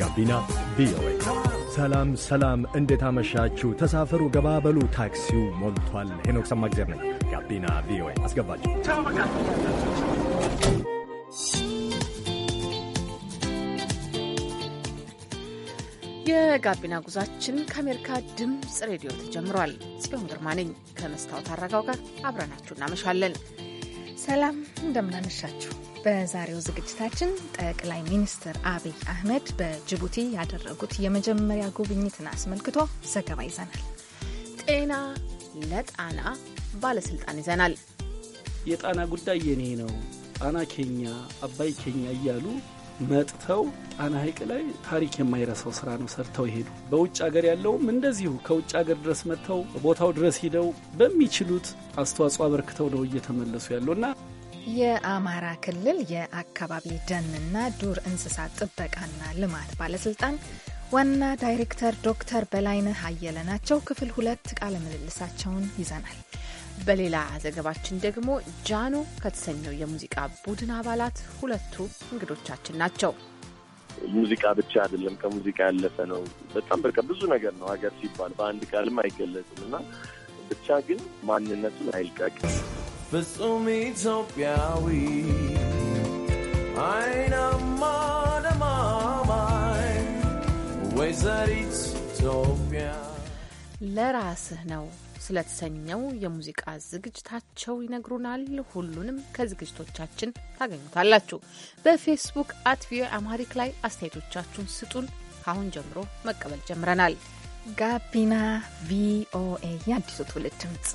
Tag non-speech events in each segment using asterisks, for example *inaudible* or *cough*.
ጋቢና ቪኦኤ። ሰላም ሰላም፣ እንዴት አመሻችሁ? ተሳፈሩ፣ ገባበሉ፣ ታክሲው ሞልቷል። ሄኖክ ሰማግዜር ነኝ። ጋቢና ቪኦኤ አስገባችሁ። የጋቢና ጉዟችን ከአሜሪካ ድምፅ ሬዲዮ ተጀምሯል። ጽዮን ግርማ ነኝ ከመስታወት አረጋው ጋር አብረናችሁ እናመሻለን። ሰላም እንደምናመሻችሁ በዛሬው ዝግጅታችን ጠቅላይ ሚኒስትር አብይ አህመድ በጅቡቲ ያደረጉት የመጀመሪያ ጉብኝትን አስመልክቶ ዘገባ ይዘናል። ጤና ለጣና ባለስልጣን ይዘናል። የጣና ጉዳይ የኔ ነው፣ ጣና ኬኛ፣ አባይ ኬኛ እያሉ መጥተው ጣና ሐይቅ ላይ ታሪክ የማይረሳው ስራ ነው ሰርተው ይሄዱ። በውጭ ሀገር ያለውም እንደዚሁ ከውጭ ሀገር ድረስ መጥተው ቦታው ድረስ ሂደው በሚችሉት አስተዋጽኦ አበርክተው ነው እየተመለሱ ያለውና የአማራ ክልል የአካባቢ ደንና ዱር እንስሳት ጥበቃና ልማት ባለስልጣን ዋና ዳይሬክተር ዶክተር በላይነህ አየለ ናቸው። ክፍል ሁለት ቃለ ምልልሳቸውን ይዘናል። በሌላ ዘገባችን ደግሞ ጃኖ ከተሰኘው የሙዚቃ ቡድን አባላት ሁለቱ እንግዶቻችን ናቸው። ሙዚቃ ብቻ አይደለም፣ ከሙዚቃ ያለፈ ነው። በጣም በቃ ብዙ ነገር ነው ሀገር ሲባል በአንድ ቃልም አይገለጽም እና ብቻ ግን ማንነቱን አይልቀቅም። ፍጹም ኢትዮጵያዊ አይናማ ደማማይ ወይዘሪት ኢትዮጵያ ለራስህ ነው ስለተሰኘው የሙዚቃ ዝግጅታቸው ይነግሩናል። ሁሉንም ከዝግጅቶቻችን ታገኙታላችሁ። በፌስቡክ አት ቪኦኤ አማሪክ ላይ አስተያየቶቻችሁን ስጡን። ከአሁን ጀምሮ መቀበል ጀምረናል። ጋቢና ቪኦኤ የአዲሱ ትውልድ ድምጽ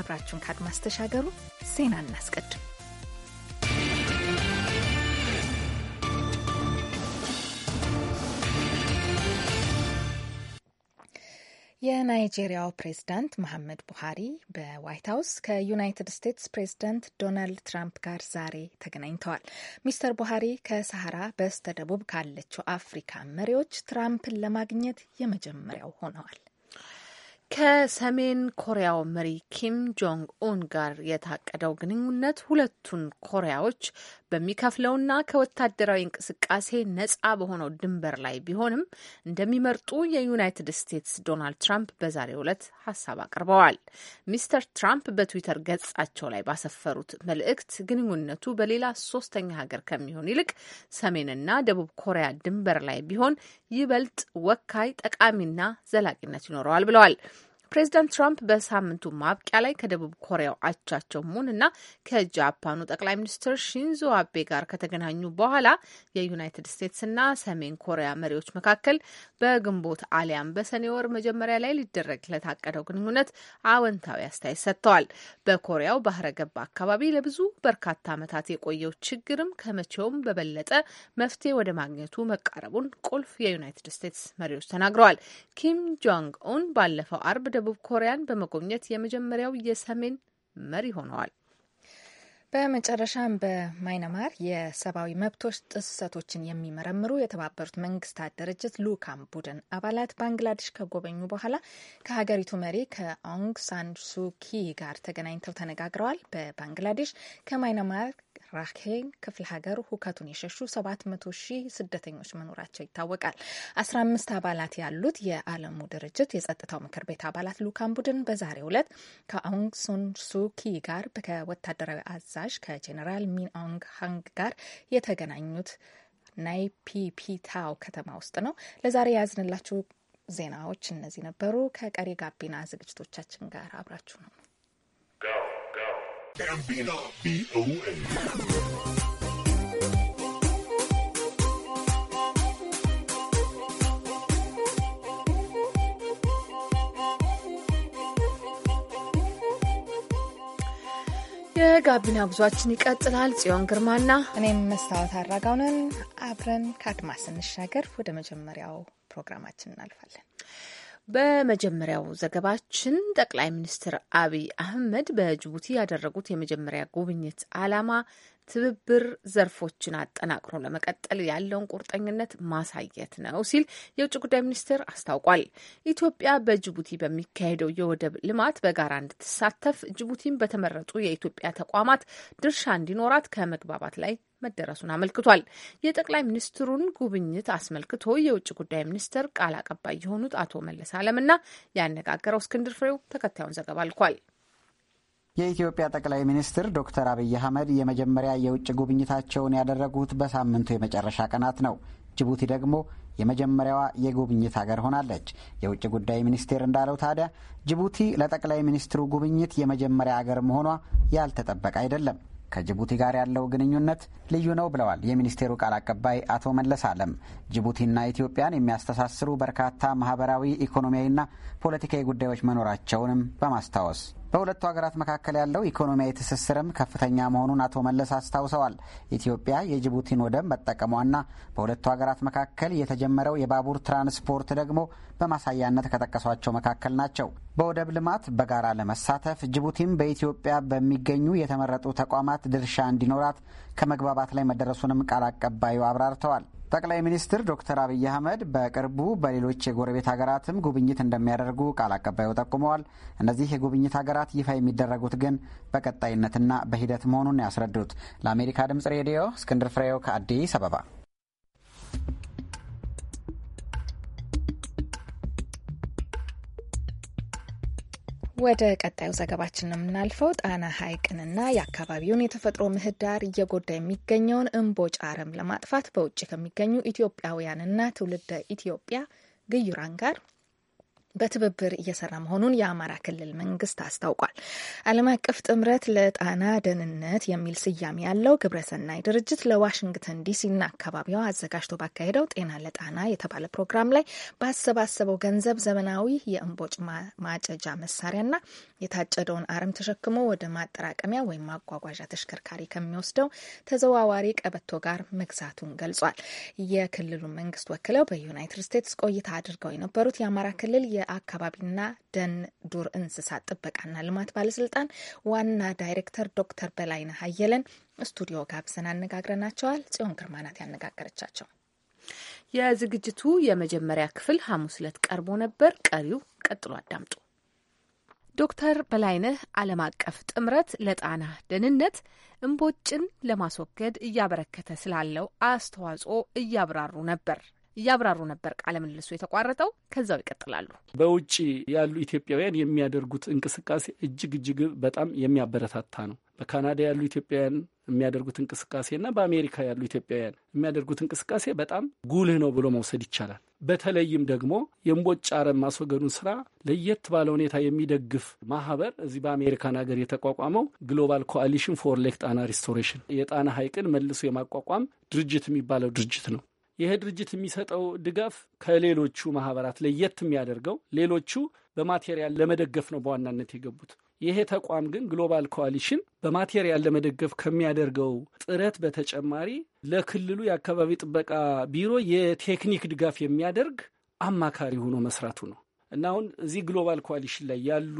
አብራችሁን ከአድማስ ተሻገሩ። ዜና እናስቀድም። የናይጄሪያው ፕሬዝዳንት መሐመድ ቡሃሪ በዋይት ሀውስ ከዩናይትድ ስቴትስ ፕሬዝዳንት ዶናልድ ትራምፕ ጋር ዛሬ ተገናኝተዋል። ሚስተር ቡሃሪ ከሰሃራ በስተ ደቡብ ካለችው አፍሪካ መሪዎች ትራምፕን ለማግኘት የመጀመሪያው ሆነዋል። ከሰሜን ኮሪያው መሪ ኪም ጆንግ ኡን ጋር የታቀደው ግንኙነት ሁለቱን ኮሪያዎች በሚከፍለውና ከወታደራዊ እንቅስቃሴ ነጻ በሆነው ድንበር ላይ ቢሆንም እንደሚመርጡ የዩናይትድ ስቴትስ ዶናልድ ትራምፕ በዛሬው ዕለት ሀሳብ አቅርበዋል። ሚስተር ትራምፕ በትዊተር ገጻቸው ላይ ባሰፈሩት መልእክት ግንኙነቱ በሌላ ሶስተኛ ሀገር ከሚሆን ይልቅ ሰሜንና ደቡብ ኮሪያ ድንበር ላይ ቢሆን ይበልጥ ወካይ፣ ጠቃሚና ዘላቂነት ይኖረዋል ብለዋል። ፕሬዚዳንት ትራምፕ በሳምንቱ ማብቂያ ላይ ከደቡብ ኮሪያው አቻቸው ሙን እና ከጃፓኑ ጠቅላይ ሚኒስትር ሺንዞ አቤ ጋር ከተገናኙ በኋላ የዩናይትድ ስቴትስ እና ሰሜን ኮሪያ መሪዎች መካከል በግንቦት አሊያም በሰኔ ወር መጀመሪያ ላይ ሊደረግ ለታቀደው ግንኙነት አወንታዊ አስተያየት ሰጥተዋል። በኮሪያው ባህረ ገባ አካባቢ ለብዙ በርካታ ዓመታት የቆየው ችግርም ከመቼውም በበለጠ መፍትሄ ወደ ማግኘቱ መቃረቡን ቁልፍ የዩናይትድ ስቴትስ መሪዎች ተናግረዋል። ኪም ጆንግ ኡን ባለፈው አርብ ደቡብ ኮሪያን በመጎብኘት የመጀመሪያው የሰሜን መሪ ሆነዋል። በመጨረሻም በማይናማር የሰብአዊ መብቶች ጥሰቶችን የሚመረምሩ የተባበሩት መንግስታት ድርጅት ልኡካን ቡድን አባላት ባንግላዴሽ ከጎበኙ በኋላ ከሀገሪቱ መሪ ከአውንግ ሳንሱኪ ጋር ተገናኝተው ተነጋግረዋል። በባንግላዴሽ ከማይናማር ራኬን ክፍለ ሀገር ሁከቱን የሸሹ 700 ሺህ ስደተኞች መኖራቸው ይታወቃል። 15 አባላት ያሉት የዓለሙ ድርጅት የጸጥታው ምክር ቤት አባላት ልኡካን ቡድን በዛሬው ዕለት ከአውንግ ሱኪ ጋር ከወታደራዊ አዛዥ ከጄኔራል ሚን አውንግ ሃንግ ጋር የተገናኙት ናይፒፒታው ከተማ ውስጥ ነው። ለዛሬ የያዝንላችሁ ዜናዎች እነዚህ ነበሩ። ከቀሪ ጋቢና ዝግጅቶቻችን ጋር አብራችሁ ነው ጋቢና ቪኦኤ የጋቢና ጉዟችን ይቀጥላል። ጽዮን ግርማና እኔም መስታወት አድራጋውነን አብረን ከአድማስ ስንሻገር ወደ መጀመሪያው ፕሮግራማችን እናልፋለን። በመጀመሪያው ዘገባችን ጠቅላይ ሚኒስትር አብይ አህመድ በጅቡቲ ያደረጉት የመጀመሪያ ጉብኝት ዓላማ ትብብር ዘርፎችን አጠናክሮ ለመቀጠል ያለውን ቁርጠኝነት ማሳየት ነው ሲል የውጭ ጉዳይ ሚኒስቴር አስታውቋል። ኢትዮጵያ በጅቡቲ በሚካሄደው የወደብ ልማት በጋራ እንድትሳተፍ ጅቡቲን በተመረጡ የኢትዮጵያ ተቋማት ድርሻ እንዲኖራት ከመግባባት ላይ መደረሱን አመልክቷል። የጠቅላይ ሚኒስትሩን ጉብኝት አስመልክቶ የውጭ ጉዳይ ሚኒስቴር ቃል አቀባይ የሆኑት አቶ መለስ አለምና ያነጋገረው እስክንድር ፍሬው ተከታዩን ዘገባ አልኳል። የኢትዮጵያ ጠቅላይ ሚኒስትር ዶክተር አብይ አህመድ የመጀመሪያ የውጭ ጉብኝታቸውን ያደረጉት በሳምንቱ የመጨረሻ ቀናት ነው። ጅቡቲ ደግሞ የመጀመሪያዋ የጉብኝት ሀገር ሆናለች። የውጭ ጉዳይ ሚኒስቴር እንዳለው ታዲያ ጅቡቲ ለጠቅላይ ሚኒስትሩ ጉብኝት የመጀመሪያ አገር መሆኗ ያልተጠበቀ አይደለም። ከጅቡቲ ጋር ያለው ግንኙነት ልዩ ነው ብለዋል የሚኒስቴሩ ቃል አቀባይ አቶ መለስ አለም። ጅቡቲና ኢትዮጵያን የሚያስተሳስሩ በርካታ ማህበራዊ፣ ኢኮኖሚያዊና ፖለቲካዊ ጉዳዮች መኖራቸውንም በማስታወስ በሁለቱ ሀገራት መካከል ያለው ኢኮኖሚያዊ ትስስርም ከፍተኛ መሆኑን አቶ መለስ አስታውሰዋል። ኢትዮጵያ የጅቡቲን ወደብ መጠቀሟና በሁለቱ ሀገራት መካከል የተጀመረው የባቡር ትራንስፖርት ደግሞ በማሳያነት ከጠቀሷቸው መካከል ናቸው። በወደብ ልማት በጋራ ለመሳተፍ ጅቡቲም በኢትዮጵያ በሚገኙ የተመረጡ ተቋማት ድርሻ እንዲኖራት ከመግባባት ላይ መደረሱንም ቃል አቀባዩ አብራርተዋል። ጠቅላይ ሚኒስትር ዶክተር አብይ አህመድ በቅርቡ በሌሎች የጎረቤት ሀገራትም ጉብኝት እንደሚያደርጉ ቃል አቀባዩ ጠቁመዋል። እነዚህ የጉብኝት ሀገራት ይፋ የሚደረጉት ግን በቀጣይነትና በሂደት መሆኑን ያስረዱት። ለአሜሪካ ድምጽ ሬዲዮ እስክንድር ፍሬው ከአዲስ አበባ ወደ ቀጣዩ ዘገባችን የምናልፈው ጣና ሐይቅንና የአካባቢውን የተፈጥሮ ምህዳር እየጎዳ የሚገኘውን እምቦጭ አረም ለማጥፋት በውጭ ከሚገኙ ኢትዮጵያውያንና ትውልደ ኢትዮጵያ ግዩራን ጋር በትብብር እየሰራ መሆኑን የአማራ ክልል መንግስት አስታውቋል። ዓለም አቀፍ ጥምረት ለጣና ደህንነት የሚል ስያሜ ያለው ግብረሰናይ ድርጅት ለዋሽንግተን ዲሲና አካባቢዋ አዘጋጅቶ ባካሄደው ጤና ለጣና የተባለ ፕሮግራም ላይ ባሰባሰበው ገንዘብ ዘመናዊ የእንቦጭ ማጨጃ መሳሪያና የታጨደውን አረም ተሸክሞ ወደ ማጠራቀሚያ ወይም ማጓጓዣ ተሽከርካሪ ከሚወስደው ተዘዋዋሪ ቀበቶ ጋር መግዛቱን ገልጿል። የክልሉ መንግስት ወክለው በዩናይትድ ስቴትስ ቆይታ አድርገው የነበሩት የአማራ ክልል የአካባቢና ደን ዱር እንስሳት ጥበቃና ልማት ባለስልጣን ዋና ዳይሬክተር ዶክተር በላይነ አየለን ስቱዲዮ ጋብዘን አነጋግረናቸዋል። ጽዮን ግርማ ናት ያነጋገረቻቸው። የዝግጅቱ የመጀመሪያ ክፍል ሐሙስ ለት ቀርቦ ነበር። ቀሪው ቀጥሎ አዳምጡ። ዶክተር በላይነህ ዓለም አቀፍ ጥምረት ለጣና ደህንነት እምቦጭን ለማስወገድ እያበረከተ ስላለው አስተዋጽኦ እያብራሩ ነበር። እያብራሩ ነበር ቃለ ምልልሱ የተቋረጠው። ከዛው ይቀጥላሉ። በውጭ ያሉ ኢትዮጵያውያን የሚያደርጉት እንቅስቃሴ እጅግ እጅግ በጣም የሚያበረታታ ነው። በካናዳ ያሉ ኢትዮጵያውያን የሚያደርጉት እንቅስቃሴ እና በአሜሪካ ያሉ ኢትዮጵያውያን የሚያደርጉት እንቅስቃሴ በጣም ጉልህ ነው ብሎ መውሰድ ይቻላል። በተለይም ደግሞ የእምቦጭ አረም ማስወገዱን ስራ ለየት ባለ ሁኔታ የሚደግፍ ማህበር እዚህ በአሜሪካን ሀገር የተቋቋመው ግሎባል ኮአሊሽን ፎር ሌክ ጣና ሪስቶሬሽን የጣና ሐይቅን መልሶ የማቋቋም ድርጅት የሚባለው ድርጅት ነው። ይሄ ድርጅት የሚሰጠው ድጋፍ ከሌሎቹ ማህበራት ለየት የሚያደርገው ሌሎቹ በማቴሪያል ለመደገፍ ነው በዋናነት የገቡት። ይሄ ተቋም ግን ግሎባል ኮዋሊሽን በማቴሪያል ለመደገፍ ከሚያደርገው ጥረት በተጨማሪ ለክልሉ የአካባቢ ጥበቃ ቢሮ የቴክኒክ ድጋፍ የሚያደርግ አማካሪ ሆኖ መስራቱ ነው። እና አሁን እዚህ ግሎባል ኮሊሽን ላይ ያሉ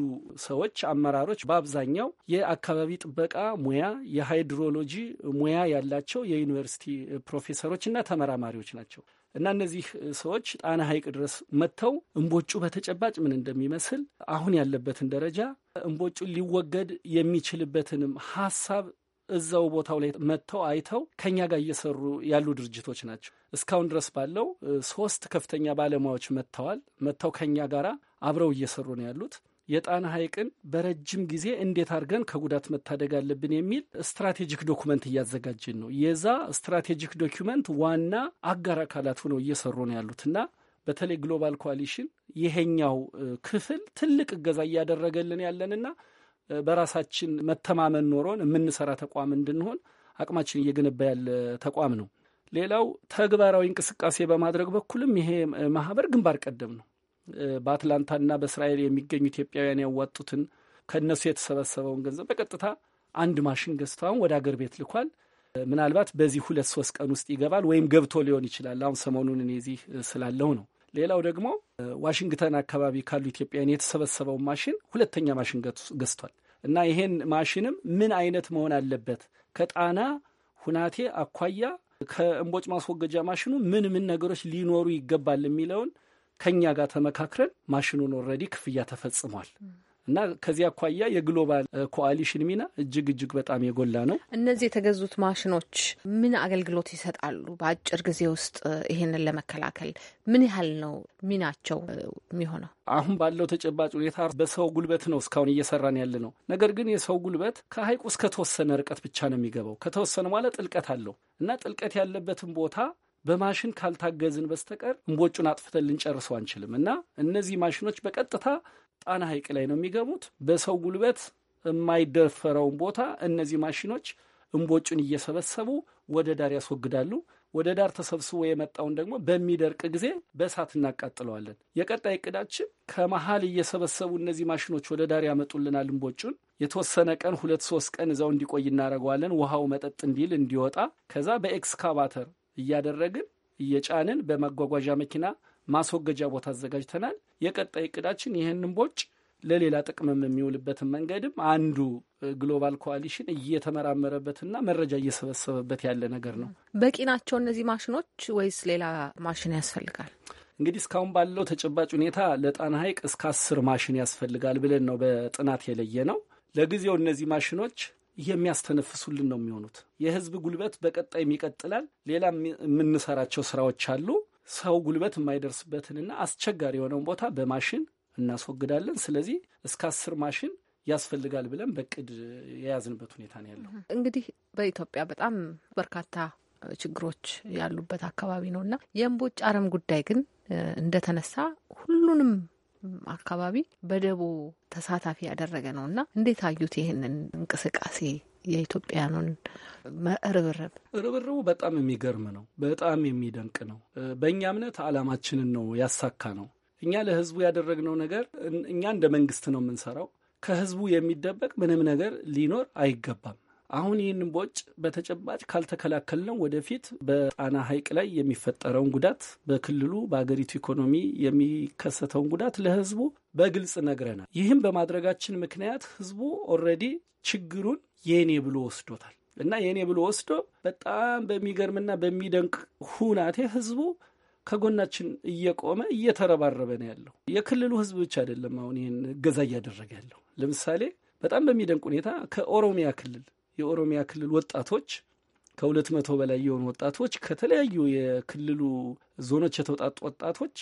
ሰዎች አመራሮች በአብዛኛው የአካባቢ ጥበቃ ሙያ፣ የሃይድሮሎጂ ሙያ ያላቸው የዩኒቨርሲቲ ፕሮፌሰሮች እና ተመራማሪዎች ናቸው። እና እነዚህ ሰዎች ጣና ሐይቅ ድረስ መጥተው እምቦጩ በተጨባጭ ምን እንደሚመስል አሁን ያለበትን ደረጃ እንቦጩ ሊወገድ የሚችልበትንም ሀሳብ እዛው ቦታው ላይ መጥተው አይተው ከኛ ጋር እየሰሩ ያሉ ድርጅቶች ናቸው። እስካሁን ድረስ ባለው ሶስት ከፍተኛ ባለሙያዎች መጥተዋል። መጥተው ከኛ ጋር አብረው እየሰሩ ነው ያሉት። የጣና ሐይቅን በረጅም ጊዜ እንዴት አድርገን ከጉዳት መታደግ አለብን የሚል ስትራቴጂክ ዶኩመንት እያዘጋጅን ነው። የዛ ስትራቴጂክ ዶኪመንት ዋና አጋር አካላት ሆነው እየሰሩ ነው ያሉት እና በተለይ ግሎባል ኮሊሽን ይሄኛው ክፍል ትልቅ እገዛ እያደረገልን ያለንና በራሳችን መተማመን ኖሮን የምንሰራ ተቋም እንድንሆን አቅማችን እየገነባ ያለ ተቋም ነው። ሌላው ተግባራዊ እንቅስቃሴ በማድረግ በኩልም ይሄ ማህበር ግንባር ቀደም ነው። በአትላንታና በእስራኤል የሚገኙ ኢትዮጵያውያን ያዋጡትን ከእነሱ የተሰበሰበውን ገንዘብ በቀጥታ አንድ ማሽን ገዝቶ አሁን ወደ አገር ቤት ልኳል። ምናልባት በዚህ ሁለት ሶስት ቀን ውስጥ ይገባል ወይም ገብቶ ሊሆን ይችላል። አሁን ሰሞኑን እኔ እዚህ ስላለው ነው። ሌላው ደግሞ ዋሽንግተን አካባቢ ካሉ ኢትዮጵያውያን የተሰበሰበው ማሽን ሁለተኛ ማሽን ገዝቷል እና ይሄን ማሽንም ምን አይነት መሆን አለበት ከጣና ሁናቴ አኳያ ከእንቦጭ ማስወገጃ ማሽኑ ምን ምን ነገሮች ሊኖሩ ይገባል የሚለውን ከእኛ ጋር ተመካክረን ማሽኑን ኦልሬዲ ክፍያ ተፈጽሟል። እና ከዚህ አኳያ የግሎባል ኮአሊሽን ሚና እጅግ እጅግ በጣም የጎላ ነው። እነዚህ የተገዙት ማሽኖች ምን አገልግሎት ይሰጣሉ? በአጭር ጊዜ ውስጥ ይህንን ለመከላከል ምን ያህል ነው ሚናቸው የሚሆነው? አሁን ባለው ተጨባጭ ሁኔታ በሰው ጉልበት ነው እስካሁን እየሰራን ያለ ነው። ነገር ግን የሰው ጉልበት እስከ ተወሰነ ርቀት ብቻ ነው የሚገባው። ከተወሰነ በኋላ ጥልቀት አለው እና ጥልቀት ያለበትን ቦታ በማሽን ካልታገዝን በስተቀር እንቦጩን አጥፍተን ልንጨርሰው አንችልም እና እነዚህ ማሽኖች በቀጥታ ጣና ሐይቅ ላይ ነው የሚገቡት። በሰው ጉልበት የማይደፈረውን ቦታ እነዚህ ማሽኖች እንቦጩን እየሰበሰቡ ወደ ዳር ያስወግዳሉ። ወደ ዳር ተሰብስቦ የመጣውን ደግሞ በሚደርቅ ጊዜ በእሳት እናቃጥለዋለን። የቀጣይ እቅዳችን ከመሀል እየሰበሰቡ እነዚህ ማሽኖች ወደ ዳር ያመጡልናል እንቦጩን የተወሰነ ቀን ሁለት ሶስት ቀን እዛው እንዲቆይ እናደርገዋለን። ውሃው መጠጥ እንዲል እንዲወጣ፣ ከዛ በኤክስካቫተር እያደረግን እየጫንን በማጓጓዣ መኪና ማስወገጃ ቦታ አዘጋጅተናል። የቀጣይ እቅዳችን ይህንን ቦጭ ለሌላ ጥቅምም የሚውልበትን መንገድም አንዱ ግሎባል ኮአሊሽን እየተመራመረበትና መረጃ እየሰበሰበበት ያለ ነገር ነው። በቂ ናቸው እነዚህ ማሽኖች ወይስ ሌላ ማሽን ያስፈልጋል? እንግዲህ እስካሁን ባለው ተጨባጭ ሁኔታ ለጣና ሐይቅ እስከ አስር ማሽን ያስፈልጋል ብለን ነው በጥናት የለየ ነው። ለጊዜው እነዚህ ማሽኖች የሚያስተነፍሱልን ነው የሚሆኑት። የህዝብ ጉልበት በቀጣይም ይቀጥላል። ሌላ የምንሰራቸው ስራዎች አሉ። ሰው ጉልበት የማይደርስበትንና አስቸጋሪ የሆነውን ቦታ በማሽን እናስወግዳለን። ስለዚህ እስከ አስር ማሽን ያስፈልጋል ብለን በእቅድ የያዝንበት ሁኔታ ነው ያለው። እንግዲህ በኢትዮጵያ በጣም በርካታ ችግሮች ያሉበት አካባቢ ነው እና የእምቦጭ አረም ጉዳይ ግን እንደተነሳ ሁሉንም አካባቢ በደቦ ተሳታፊ ያደረገ ነው እና እንዴት አዩት ይህንን እንቅስቃሴ? የኢትዮጵያኑን ርብርብ ርብርቡ በጣም የሚገርም ነው። በጣም የሚደንቅ ነው። በእኛ እምነት አላማችንን ነው ያሳካ ነው። እኛ ለህዝቡ ያደረግነው ነገር እኛ እንደ መንግስት ነው የምንሰራው። ከህዝቡ የሚደበቅ ምንም ነገር ሊኖር አይገባም። አሁን ይህንን ቦጭ በተጨባጭ ካልተከላከል ነው ወደፊት በጣና ሐይቅ ላይ የሚፈጠረውን ጉዳት በክልሉ በአገሪቱ ኢኮኖሚ የሚከሰተውን ጉዳት ለህዝቡ በግልጽ ነግረናል። ይህም በማድረጋችን ምክንያት ህዝቡ ኦልሬዲ ችግሩን የኔ ብሎ ወስዶታል እና የኔ ብሎ ወስዶ በጣም በሚገርምና በሚደንቅ ሁናቴ ህዝቡ ከጎናችን እየቆመ እየተረባረበ ነው ያለው። የክልሉ ህዝብ ብቻ አይደለም አሁን ይህን እገዛ እያደረገ ያለው። ለምሳሌ በጣም በሚደንቅ ሁኔታ ከኦሮሚያ ክልል የኦሮሚያ ክልል ወጣቶች ከሁለት መቶ በላይ የሆኑ ወጣቶች ከተለያዩ የክልሉ ዞኖች የተውጣጡ ወጣቶች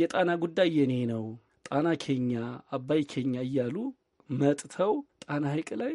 የጣና ጉዳይ የኔ ነው፣ ጣና ኬኛ፣ አባይ ኬኛ እያሉ መጥተው ጣና ሐይቅ ላይ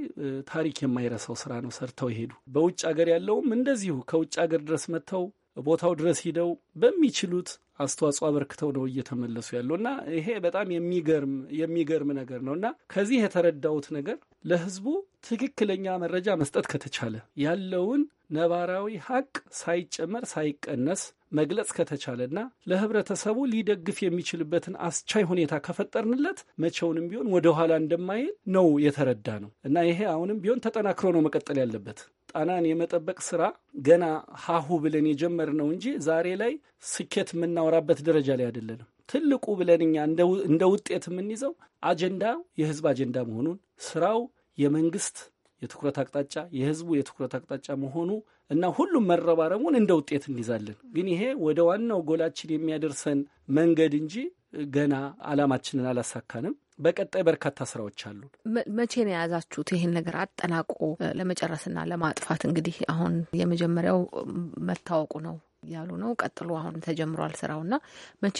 ታሪክ የማይረሳው ስራ ነው ሰርተው ይሄዱ። በውጭ ሀገር ያለውም እንደዚሁ ከውጭ ሀገር ድረስ መጥተው ቦታው ድረስ ሂደው በሚችሉት አስተዋጽኦ አበርክተው ነው እየተመለሱ ያለው እና ይሄ በጣም የሚገርም የሚገርም ነገር ነው እና ከዚህ የተረዳሁት ነገር ለህዝቡ ትክክለኛ መረጃ መስጠት ከተቻለ ያለውን ነባራዊ ሀቅ ሳይጨመር ሳይቀነስ መግለጽ ከተቻለና ለህብረተሰቡ ሊደግፍ የሚችልበትን አስቻይ ሁኔታ ከፈጠርንለት መቼውንም ቢሆን ወደኋላ እንደማይል ነው የተረዳ ነው እና ይሄ አሁንም ቢሆን ተጠናክሮ ነው መቀጠል ያለበት። ጣናን የመጠበቅ ስራ ገና ሀሁ ብለን ነው እንጂ ዛሬ ላይ ስኬት የምናወራበት ደረጃ ላይ አይደለንም። ትልቁ ብለን እኛ እንደ ውጤት የምንይዘው አጀንዳ የህዝብ አጀንዳ መሆኑን ስራው የመንግስት የትኩረት አቅጣጫ የህዝቡ የትኩረት አቅጣጫ መሆኑ እና ሁሉም መረባረቡን እንደ ውጤት እንይዛለን። ግን ይሄ ወደ ዋናው ጎላችን የሚያደርሰን መንገድ እንጂ ገና አላማችንን አላሳካንም። በቀጣይ በርካታ ስራዎች አሉ። መቼ ነው የያዛችሁት ይህን ነገር አጠናቆ ለመጨረስና ለማጥፋት? እንግዲህ አሁን የመጀመሪያው መታወቁ ነው እያሉ ነው። ቀጥሎ አሁን ተጀምሯል ስራውና መቼ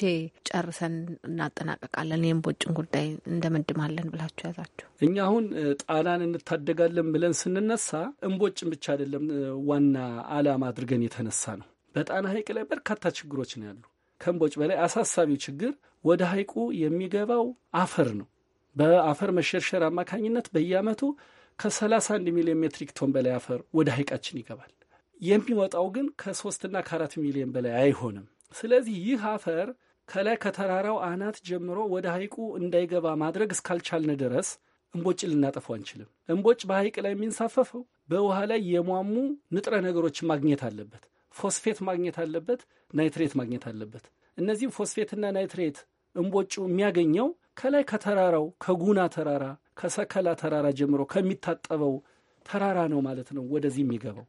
ጨርሰን እናጠናቀቃለን? የእምቦጭን ጉዳይ እንደመድማለን ብላችሁ ያዛችሁ? እኛ አሁን ጣናን እንታደጋለን ብለን ስንነሳ እምቦጭን ብቻ አይደለም ዋና አላማ አድርገን የተነሳ ነው። በጣና ሐይቅ ላይ በርካታ ችግሮች ነው ያሉ። ከእምቦጭ በላይ አሳሳቢው ችግር ወደ ሐይቁ የሚገባው አፈር ነው። በአፈር መሸርሸር አማካኝነት በየአመቱ ከ31 ሚሊዮን ሜትሪክ ቶን በላይ አፈር ወደ ሐይቃችን ይገባል። የሚወጣው ግን ከሶስትና ከአራት ሚሊዮን በላይ አይሆንም። ስለዚህ ይህ አፈር ከላይ ከተራራው አናት ጀምሮ ወደ ሐይቁ እንዳይገባ ማድረግ እስካልቻልን ድረስ እምቦጭ ልናጠፉ አንችልም። እምቦጭ በሐይቅ ላይ የሚንሳፈፈው በውሃ ላይ የሟሙ ንጥረ ነገሮች ማግኘት አለበት። ፎስፌት ማግኘት አለበት፣ ናይትሬት ማግኘት አለበት። እነዚህም ፎስፌትና ናይትሬት እምቦጩ የሚያገኘው ከላይ ከተራራው ከጉና ተራራ ከሰከላ ተራራ ጀምሮ ከሚታጠበው ተራራ ነው ማለት ነው ወደዚህ የሚገባው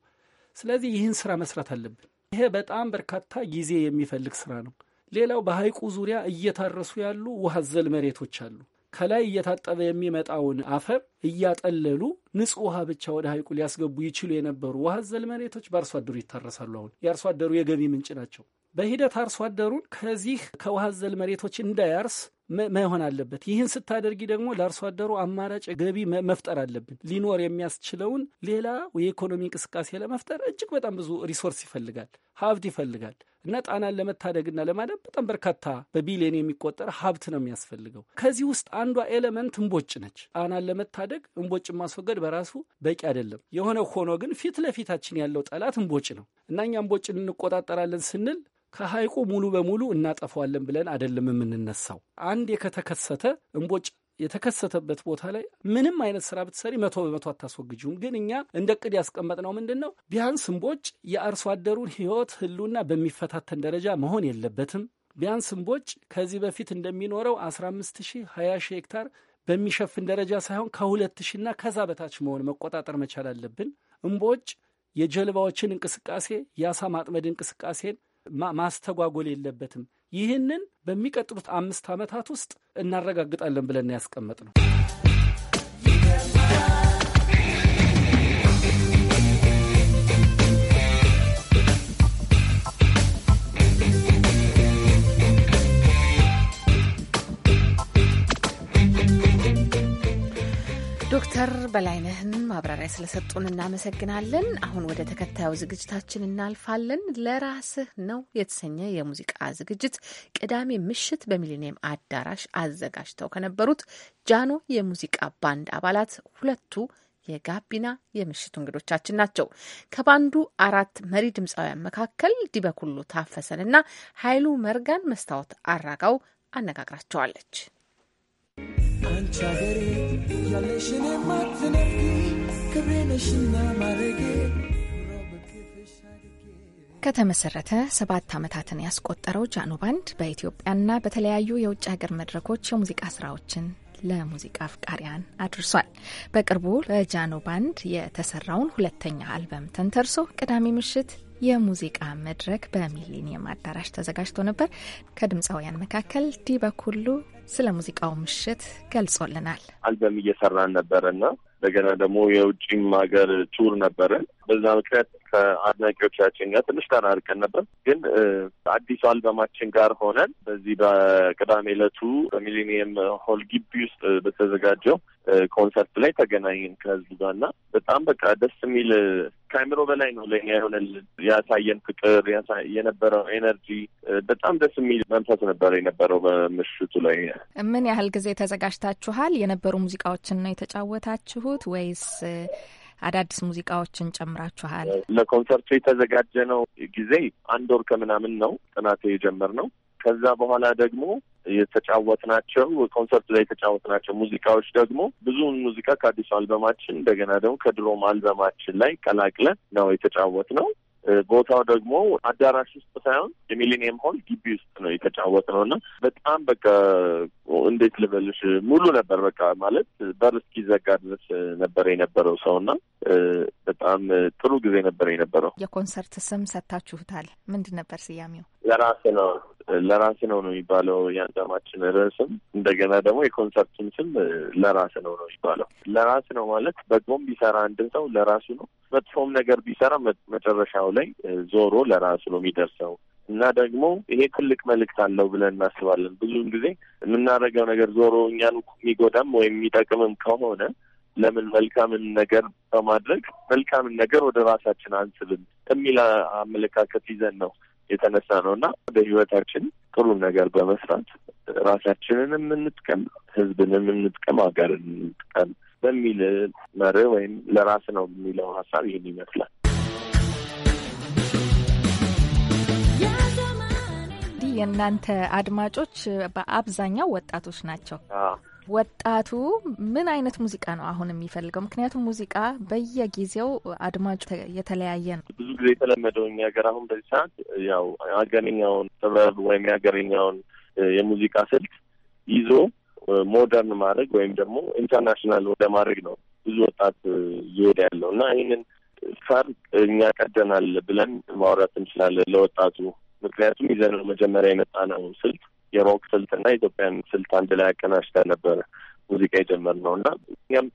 ስለዚህ ይህን ስራ መስራት አለብን። ይሄ በጣም በርካታ ጊዜ የሚፈልግ ስራ ነው። ሌላው በሐይቁ ዙሪያ እየታረሱ ያሉ ውሃ ዘል መሬቶች አሉ። ከላይ እየታጠበ የሚመጣውን አፈር እያጠለሉ ንጹህ ውሃ ብቻ ወደ ሐይቁ ሊያስገቡ ይችሉ የነበሩ ውሃ አዘል መሬቶች በአርሶ አደሩ ይታረሳሉ። አሁን የአርሶ አደሩ የገቢ ምንጭ ናቸው። በሂደት አርሶ አደሩን ከዚህ ከውሃ ዘል መሬቶች እንዳያርስ መሆን አለበት። ይህን ስታደርጊ ደግሞ ለአርሶ አደሩ አማራጭ ገቢ መፍጠር አለብን። ሊኖር የሚያስችለውን ሌላ የኢኮኖሚ እንቅስቃሴ ለመፍጠር እጅግ በጣም ብዙ ሪሶርስ ይፈልጋል፣ ሀብት ይፈልጋል እና ጣናን ለመታደግና ለማዳን በጣም በርካታ በቢሊየን የሚቆጠር ሀብት ነው የሚያስፈልገው። ከዚህ ውስጥ አንዷ ኤሌመንት እንቦጭ ነች። ጣናን ለመታደግ እንቦጭ ማስወገድ በራሱ በቂ አይደለም። የሆነ ሆኖ ግን ፊት ለፊታችን ያለው ጠላት እንቦጭ ነው እና እኛ እንቦጭን እንቆጣጠራለን ስንል ከሐይቁ ሙሉ በሙሉ እናጠፋዋለን ብለን አይደለም የምንነሳው። አንድ ከተከሰተ እምቦጭ የተከሰተበት ቦታ ላይ ምንም አይነት ስራ ብትሰሪ መቶ በመቶ አታስወግጅውም። ግን እኛ እንደ ቅድ ያስቀመጥነው ምንድን ነው? ቢያንስ እምቦጭ የአርሶ አደሩን ህይወት ህሉና በሚፈታተን ደረጃ መሆን የለበትም። ቢያንስ እምቦጭ ከዚህ በፊት እንደሚኖረው 15 ሺህ 20 ሺህ ሄክታር በሚሸፍን ደረጃ ሳይሆን ከሁለት ሺና ከዛ በታች መሆን መቆጣጠር መቻል አለብን። እምቦጭ የጀልባዎችን እንቅስቃሴ፣ የአሳ ማጥመድ እንቅስቃሴን ማስተጓጎል የለበትም። ይህንን በሚቀጥሉት አምስት ዓመታት ውስጥ እናረጋግጣለን ብለን ያስቀመጥ ነው። ዶክተር በላይነህን ማብራሪያ ስለሰጡን እናመሰግናለን። አሁን ወደ ተከታዩ ዝግጅታችን እናልፋለን። ለራስህ ነው የተሰኘ የሙዚቃ ዝግጅት ቅዳሜ ምሽት በሚሊኒየም አዳራሽ አዘጋጅተው ከነበሩት ጃኖ የሙዚቃ ባንድ አባላት ሁለቱ የጋቢና የምሽቱ እንግዶቻችን ናቸው። ከባንዱ አራት መሪ ድምፃውያን መካከል ዲበኩሉ ታፈሰንና ኃይሉ መርጋን መስታወት አራጋው አነጋግራቸዋለች። አንቺ አገሬ ያለሽን የማትነፍጊ ማረጌ ከተመሰረተ ሰባት ዓመታትን ያስቆጠረው ጃኖ ባንድ በኢትዮጵያና በተለያዩ የውጭ ሀገር መድረኮች የሙዚቃ ስራዎችን ለሙዚቃ አፍቃሪያን አድርሷል። በቅርቡ ለጃኖ ባንድ የተሰራውን ሁለተኛ አልበም ተንተርሶ ቅዳሜ ምሽት የሙዚቃ መድረክ በሚሊኒየም አዳራሽ ተዘጋጅቶ ነበር። ከድምፃውያን መካከል ዲ በኩሉ ስለ ሙዚቃው ምሽት ገልጾልናል። አልበም እየሰራን ነበር እና እንደገና ደግሞ የውጭም ሀገር ቱር ነበረን። በዛ ምክንያት ከአድናቂዎቻችን ጋር ትንሽ ተራርቀን ነበር፣ ግን አዲሱ አልበማችን ጋር ሆነን በዚህ በቅዳሜ ዕለቱ በሚሊኒየም ሆል ግቢ ውስጥ በተዘጋጀው ኮንሰርት ላይ ተገናኘን ከህዝቡ ጋር እና በጣም በቃ ደስ የሚል ከአይምሮ በላይ ነው ለኛ የሆነ ያሳየን ፍቅር የነበረው ኤነርጂ በጣም ደስ የሚል መንፈስ ነበረ የነበረው በምሽቱ ላይ። ምን ያህል ጊዜ ተዘጋጅታችኋል? የነበሩ ሙዚቃዎችን ነው የተጫወታችሁት ወይስ አዳዲስ ሙዚቃዎችን ጨምራችኋል። ለኮንሰርቱ የተዘጋጀነው ጊዜ አንድ ወር ከምናምን ነው ጥናቴ የጀመርነው። ከዛ በኋላ ደግሞ የተጫወትናቸው ኮንሰርቱ ላይ የተጫወትናቸው ሙዚቃዎች ደግሞ ብዙውን ሙዚቃ ከአዲሱ አልበማችን እንደገና ደግሞ ከድሮም አልበማችን ላይ ቀላቅለ ነው የተጫወት ነው። ቦታው ደግሞ አዳራሽ ውስጥ ሳይሆን የሚሊኒየም ሆል ግቢ ውስጥ ነው የተጫወት ነው እና በጣም በቃ እንዴት ልበልሽ ሙሉ ነበር። በቃ ማለት በር እስኪዘጋ ድረስ ነበር የነበረው ሰው በጣም ጥሩ ጊዜ ነበር የነበረው። የኮንሰርት ስም ሰጥታችሁታል። ምንድን ነበር ስያሜው? ለራሴ ነው ለራሴ ነው ነው የሚባለው የአንዳማችን ርዕስም። እንደገና ደግሞ የኮንሰርቱን ስም ለራሴ ነው ነው የሚባለው። ለራሴ ነው ማለት በጎም ቢሰራ አንድን ሰው ለራሱ ነው፣ መጥፎም ነገር ቢሰራ መጨረሻው ላይ ዞሮ ለራሱ ነው የሚደርሰው እና ደግሞ ይሄ ትልቅ መልእክት አለው ብለን እናስባለን። ብዙውን ጊዜ የምናደርገው ነገር ዞሮ እኛን የሚጎዳም ወይም የሚጠቅምም ከሆነ ለምን መልካምን ነገር በማድረግ መልካምን ነገር ወደ ራሳችን አንስብም የሚል አመለካከት ይዘን ነው የተነሳ ነው እና ወደ ህይወታችን ጥሩ ነገር በመስራት ራሳችንንም የምንጥቀም ህዝብንም የምንጥቀም ሀገርን የምንጥቀም በሚል መርህ ወይም ለራስ ነው የሚለው ሀሳብ ይህን ይመስላል። የእናንተ አድማጮች በአብዛኛው ወጣቶች ናቸው። ወጣቱ ምን አይነት ሙዚቃ ነው አሁን የሚፈልገው? ምክንያቱም ሙዚቃ በየጊዜው አድማጩ የተለያየ ነው። ብዙ ጊዜ የተለመደው እኛ ሀገር አሁን በዚህ ሰዓት ያው ሀገርኛውን ጥበብ ወይም የሀገርኛውን የሙዚቃ ስልት ይዞ ሞደርን ማድረግ ወይም ደግሞ ኢንተርናሽናል ወደ ማድረግ ነው ብዙ ወጣት እየሄደ ያለው እና ይህንን ፈርቅ እኛ ቀደናል ብለን ማውራት እንችላለን ለወጣቱ ምክንያቱም ይዘነው መጀመሪያ የመጣ ነው ስልት የሮክ ስልት እና የኢትዮጵያን ስልት አንድ ላይ አቀናጅተን ነበረ ሙዚቃ የጀመርነው እና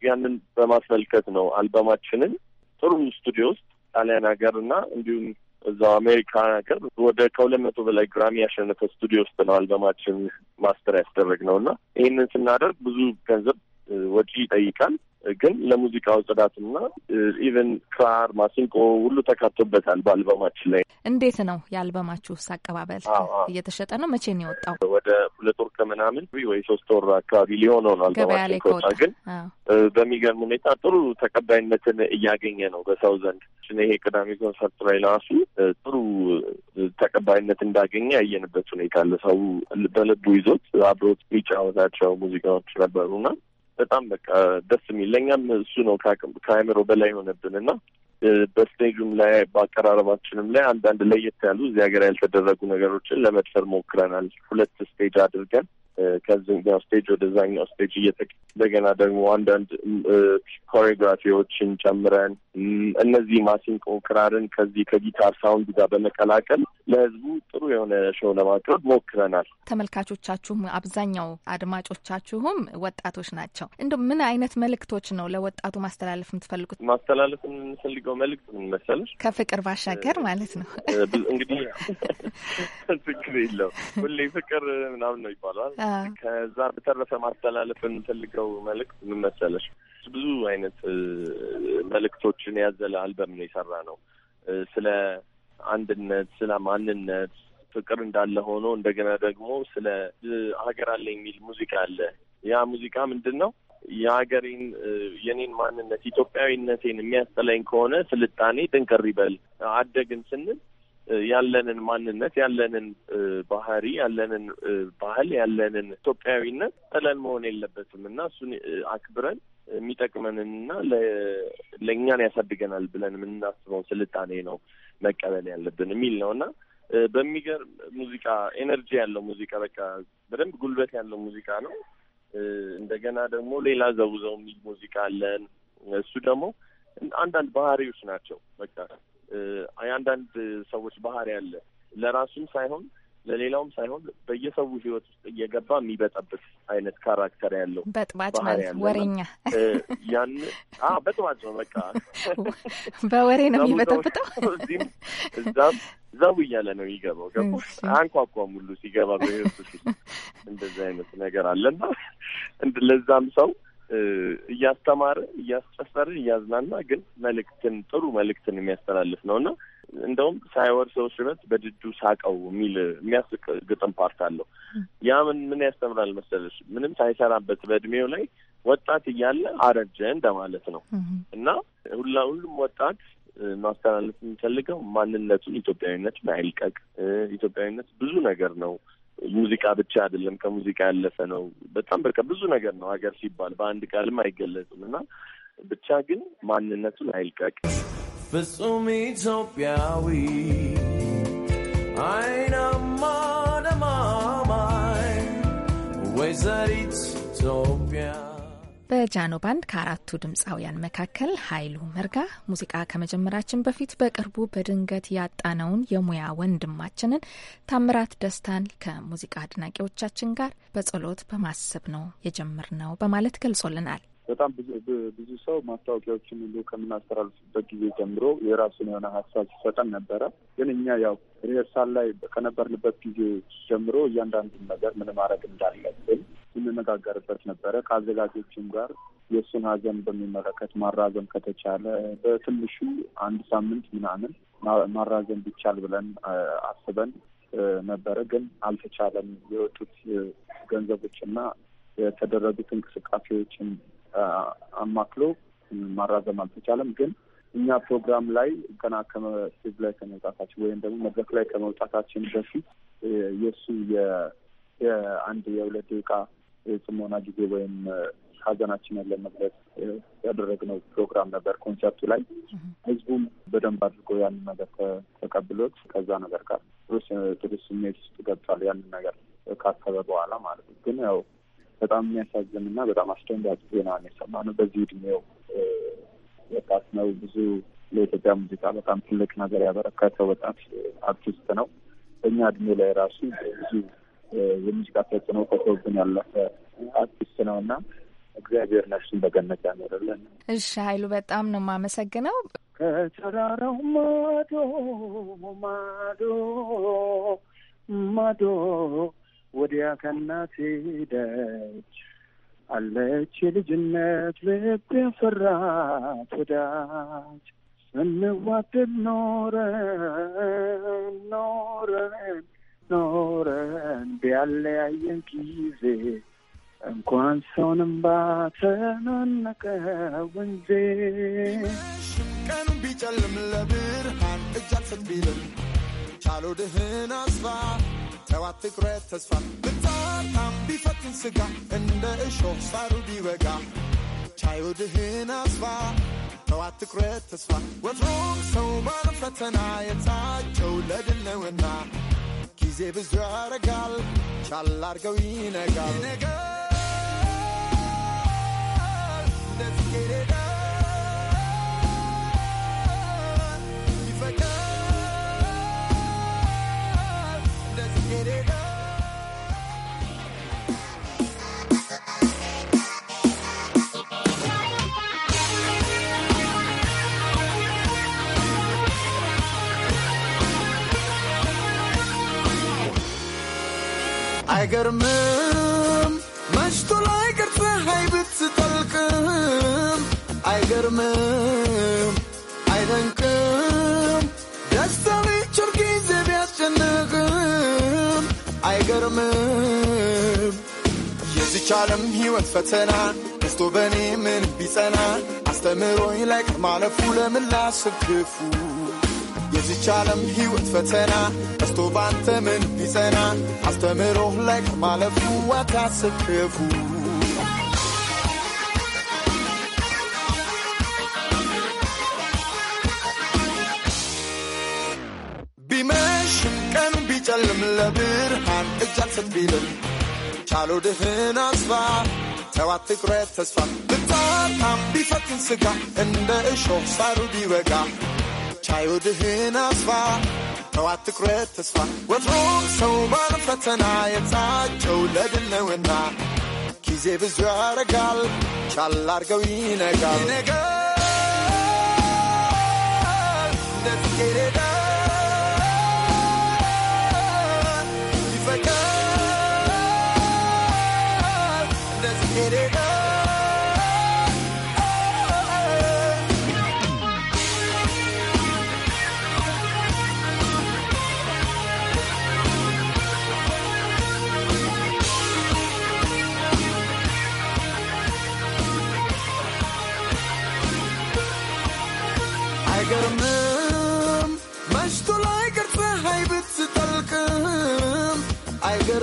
ያንን በማስመልከት ነው አልበማችንን ጥሩ ስቱዲዮ ውስጥ ጣሊያን ሀገር እና እንዲሁም እዛው አሜሪካ ሀገር ወደ ከሁለት መቶ በላይ ግራሚ ያሸነፈ ስቱዲዮ ውስጥ ነው አልበማችን ማስተር ያስደረግ ነው እና ይህንን ስናደርግ ብዙ ገንዘብ ወጪ ይጠይቃል። ግን ለሙዚቃው ጽዳትና ኢቨን ክራር፣ ማሲንቆ ሁሉ ተካቶበታል በአልበማችን ላይ። እንዴት ነው ውስጥ አቀባበል? እየተሸጠ ነው? መቼ ነው የወጣው? ወደ ሁለት ወር ከምናምን ወይ ሶስት ወር አካባቢ ሊሆነው ነው አልበማችን ከወጣ። ግን በሚገርም ሁኔታ ጥሩ ተቀባይነትን እያገኘ ነው በሰው ዘንድ። ይሄ ቅዳሜ ኮንሰርት ላይ ለራሱ ጥሩ ተቀባይነት እንዳገኘ ያየንበት ሁኔታ ለሰው በልቡ ይዞት አብሮት የሚጫወታቸው ሙዚቃዎች ነበሩና በጣም በቃ ደስ የሚል ለእኛም እሱ ነው ከአእምሮ በላይ ሆነብን እና በስቴጁም ላይ በአቀራረባችንም ላይ አንዳንድ ለየት ያሉ እዚህ ሀገር ያልተደረጉ ነገሮችን ለመድፈር ሞክረናል። ሁለት ስቴጅ አድርገን ከዚህኛው ስቴጅ ወደዛኛው ስቴጅ እየተቀ እንደገና ደግሞ አንዳንድ ኮሪዮግራፊዎችን ጨምረን እነዚህ ማሲንቆ ክራርን ከዚህ ከጊታር ሳውንድ ጋር በመቀላቀል ለህዝቡ ጥሩ የሆነ ሾው ለማቅረብ ሞክረናል። ተመልካቾቻችሁም አብዛኛው አድማጮቻችሁም ወጣቶች ናቸው። እንደ ምን አይነት መልእክቶች ነው ለወጣቱ ማስተላለፍ የምትፈልጉት? ማስተላለፍ የምንፈልገው መልእክት ምን መሰለሽ? ከፍቅር ባሻገር ማለት ነው እንግዲህ ችግር *laughs* የለው ሁሌ ፍቅር ምናምን ነው ይባላል ከዛ በተረፈ ማስተላለፍ የምንፈልገው መልእክት ምን መሰለሽ፣ ብዙ አይነት መልእክቶችን ያዘለ አልበም ነው የሰራ ነው። ስለ አንድነት፣ ስለ ማንነት፣ ፍቅር እንዳለ ሆኖ እንደገና ደግሞ ስለ ሀገር አለ የሚል ሙዚቃ አለ። ያ ሙዚቃ ምንድን ነው? የሀገሬን የኔን ማንነት ኢትዮጵያዊነቴን የሚያስጠላኝ ከሆነ ስልጣኔ ጥንቅር ይበል፣ አደግን ስንል ያለንን ማንነት ያለንን ባህሪ ያለንን ባህል ያለንን ኢትዮጵያዊነት ጥለን መሆን የለበትም እና እሱን አክብረን የሚጠቅመንንና ለእኛን ያሳድገናል ብለን የምናስበውን ስልጣኔ ነው መቀበል ያለብን የሚል ነው እና በሚገርም ሙዚቃ ኤነርጂ ያለው ሙዚቃ በቃ በደንብ ጉልበት ያለው ሙዚቃ ነው። እንደገና ደግሞ ሌላ ዘውዘው የሚል ሙዚቃ አለን። እሱ ደግሞ አንዳንድ ባህሪዎች ናቸው በቃ የአንዳንድ ሰዎች ባህሪ ያለ ለራሱም ሳይሆን ለሌላውም ሳይሆን በየሰው ህይወት ውስጥ እየገባ የሚበጠብጥ አይነት ካራክተር ያለው በጥባጭ ማለት ወሬኛ ያን በጥባጭ ነው። በቃ በወሬ ነው የሚበጠብጠው። እዚህም እዛም ዘው እያለ ነው የሚገባው። ገቡ አንኳኳም ሁሉ ሲገባ በህይወት ውስጥ እንደዚህ አይነት ነገር አለና ለዛም ሰው እያስተማረ እያስጨፈረ እያዝናና ግን መልእክትን ጥሩ መልእክትን የሚያስተላልፍ ነው እና እንደውም ሳይወርሰው ሽበት በድዱ ሳቀው የሚል የሚያስቅ ግጥም ፓርት አለው። ያ ምን ምን ያስተምራል መሰለሽ? ምንም ሳይሰራበት በእድሜው ላይ ወጣት እያለ አረጀ እንደማለት ነው እና ሁላ ሁሉም ወጣት ማስተላለፍ የሚፈልገው ማንነቱን ኢትዮጵያዊነቱን አይልቀቅ። ኢትዮጵያዊነት ብዙ ነገር ነው። ሙዚቃ ብቻ አይደለም፣ ከሙዚቃ ያለፈ ነው። በጣም በቃ ብዙ ነገር ነው ሀገር ሲባል በአንድ ቃልም አይገለጽም እና ብቻ ግን ማንነቱን አይልቀቅ። ፍጹም ኢትዮጵያዊ አይናማ ደማማይ ወይዘሪት ኢትዮጵያ በጃኖ ባንድ ከአራቱ ድምፃውያን መካከል ኃይሉ መርጋ ሙዚቃ ከመጀመራችን በፊት በቅርቡ በድንገት ያጣነውን የሙያ ወንድማችንን ታምራት ደስታን ከሙዚቃ አድናቂዎቻችን ጋር በጸሎት በማሰብ ነው የጀመርነው በማለት ገልጾልናል። በጣም ብዙ ሰው ማስታወቂያዎችን ሁሉ ከምናስተላልፍበት ጊዜ ጀምሮ የራሱን የሆነ ሀሳብ ሲሰጠን ነበረ። ግን እኛ ያው ሪሄርሳል ላይ ከነበርንበት ጊዜ ጀምሮ እያንዳንዱን ነገር ምን ማድረግ እንዳለብን የምነጋገርበት ነበረ ከአዘጋጆችም ጋር የእሱን ሀዘን በሚመለከት ማራዘም ከተቻለ በትንሹ አንድ ሳምንት ምናምን ማራዘም ቢቻል ብለን አስበን ነበረ። ግን አልተቻለም። የወጡት ገንዘቦችና የተደረጉት እንቅስቃሴዎችን አማክሎ ማራዘም አልተቻለም። ግን እኛ ፕሮግራም ላይ ገና ከመስብ ላይ ከመውጣታችን ወይም ደግሞ መድረክ ላይ ከመውጣታችን በፊት የእሱ የአንድ የሁለት ደቂቃ የጽሞና ጊዜ ወይም ሀዘናችንን ለመግለጽ ያደረግነው ፕሮግራም ነበር። ኮንሰርቱ ላይ ህዝቡም በደንብ አድርጎ ያንን ነገር ተቀብሎት ከዛ ነገር ጋር ጥሩ ስሜት ውስጥ ገብቷል። ያንን ነገር ካሰበ በኋላ ማለት ነው። ግን ያው በጣም የሚያሳዝን እና በጣም አስደንጋጭ ዜናን የሰማነው በዚህ እድሜው ወጣት ነው። ብዙ ለኢትዮጵያ ሙዚቃ በጣም ትልቅ ነገር ያበረከተ ወጣት አርቲስት ነው። በእኛ እድሜ ላይ ራሱ ብዙ የሙዚቃ ተጽዕኖ ከሰውብን ያለፈ አርቲስት ነው እና እግዚአብሔር ነፍሱን በገነት ያኖርልን። እሺ ኃይሉ በጣም ነው የማመሰግነው። ከተራራው ማዶ ማዶ ማዶ ወዲያ ከናት ደጅ አለች የልጅነት ልብ ያፈራት ወዳጅ ስንዋደድ ኖረን ኖረን ኖረን ቢያለያየን ጊዜ እንኳን ሰውንም ባተናነቀ እንጂ ቀኑ ቢጨልም ለብርሃን እጃት ቢልም ቻሎ ድህን አስፋ ተዋት ትኩረት ተስፋ ብታርታም ቢፈትን ስጋ እንደ እሾህ ሳሩ ቢበጋ ቻዮ ድህን አስፋ ተዋት ትኩረት ተስፋ ወትሮም ሰው ባለፈተና ፈተና የታቸው ለድል ነውና ጊዜ ብዙ ያረጋል ቻል አድርገው ይነጋል ይነጋል አይገርምም መሽቶ ላይ ገርፈ ፀሐይ ብትጠልቅም አይገርምም አይደንቅም ደስታ ሊጭር ጊዜ ቢያስጨንቅም አይገርምም የዚች ዓለም ሕይወት ፈተና እስቶ በእኔ ምን ቢጸና አስተምሮኝ ላይ ማለፉ ለምን ላስብ ክፉ የዚች ዓለም ሕይወት ፈተና እስቶ ባንተ ምን ቢጸና አስተምሮህ ላይ ከማለፉ አታስከፉ ቢመሽ ቀን ቢጨልም ለብርሃን እጅ አልሰጥ ቻሎ ድህን አስፋ ተዋት ትኩረት ተስፋ ብታታም ቢፈትን ስጋ እንደ እሾህ ሳሩ ቢወጋ ቻይውድህን አስፋ ተው ትኩረት ተስፋ ወትሮም ሰው ፈተና የታቸው ለድል ነውና ጊዜ ብዙ ያረጋል ቻል ይነጋል ይነጋል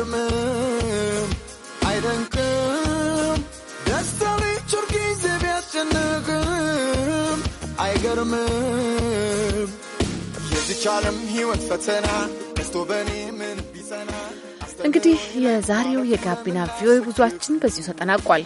አይገርምም አይደንቅም ደስታ ጊዜ ቢያስጨንቅም አይገርምም የዚች ዓለም ፈተና ደስቶ በእኔ ምን ቢጸና እንግዲህ የዛሬው የጋቢና ቪኦኤ ጉዟችን በዚሁ ተጠናቋል።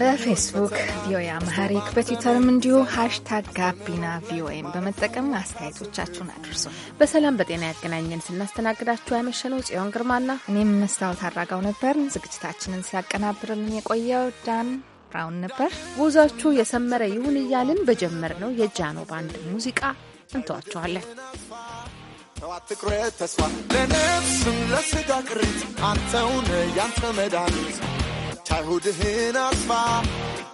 በፌስቡክ ቪኦኤ አምሃሪክ በትዊተርም እንዲሁ ሀሽታግ ጋቢና ቪኦኤም በመጠቀም አስተያየቶቻችሁን አድርሶ በሰላም በጤና ያገናኘን። ስናስተናግዳችሁ ያመሸነው ጽዮን ግርማና እኔም መስታወት አራጋው ነበር። ዝግጅታችንን ሲያቀናብርልን የቆየው ዳን ብራውን ነበር። ጉዟችሁ የሰመረ ይሁን እያልን በጀመርነው የጃኖ ባንድ ሙዚቃ እንተዋችኋለን። ተስፋ ለነፍስም ለስጋ ቅሪት አንተውን ያንተ መድኃኒት ታይሁድህን አጥፋ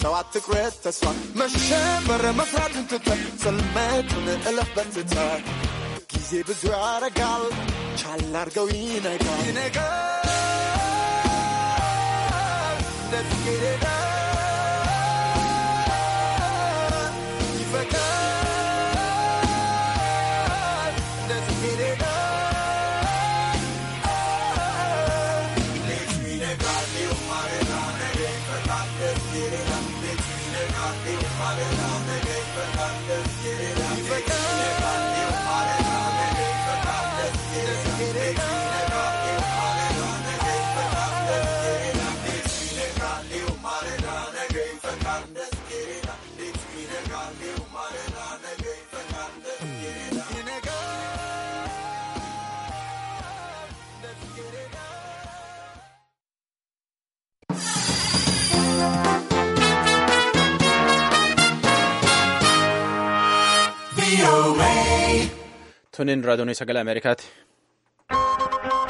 ተዋት ትኩረት ተስፋ መሸበር መፍራትን ትተህ ጽልመቱን እለፍ በትተ ጊዜ ብዙ ያረጋል ቻል አድርገው ይነጋል ይነጋል Tuni raadiyoonii sagalee Ameerikaati.